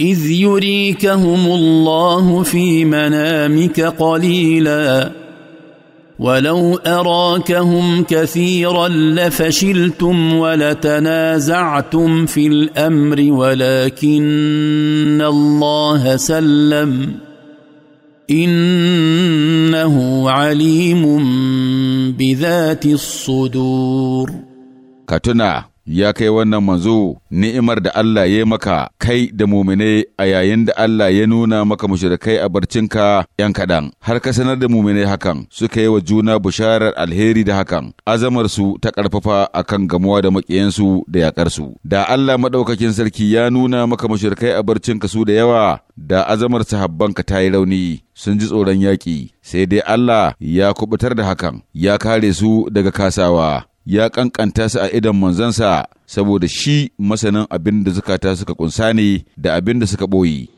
إذ يريكهم الله في منامك قليلا ولو أراكهم كثيرا لفشلتم ولتنازعتم في الأمر ولكن الله سلم إنه عليم بذات الصدور ya kai wannan manzo ni'imar da Allah ya maka kai da mumine a yayin da Allah ya nuna maka mushrikai a barcinka yan kaɗan har ka sanar da mumine hakan suka yi wa juna bisharar alheri da hakan azamar su ta ƙarfafa akan gamuwa da maƙiyansu da yaƙarsu. da Allah maɗaukakin sarki ya nuna maka mushrikai a barcinka su da yawa da azamar sahabbanka ta yi rauni sun ji tsoron yaƙi sai dai Allah ya kubutar da hakan ya kare su daga kasawa ya ƙanƙanta su a idan manzansa saboda shi masanin abin da zukata suka kunsa ne da abin da suka ɓoye.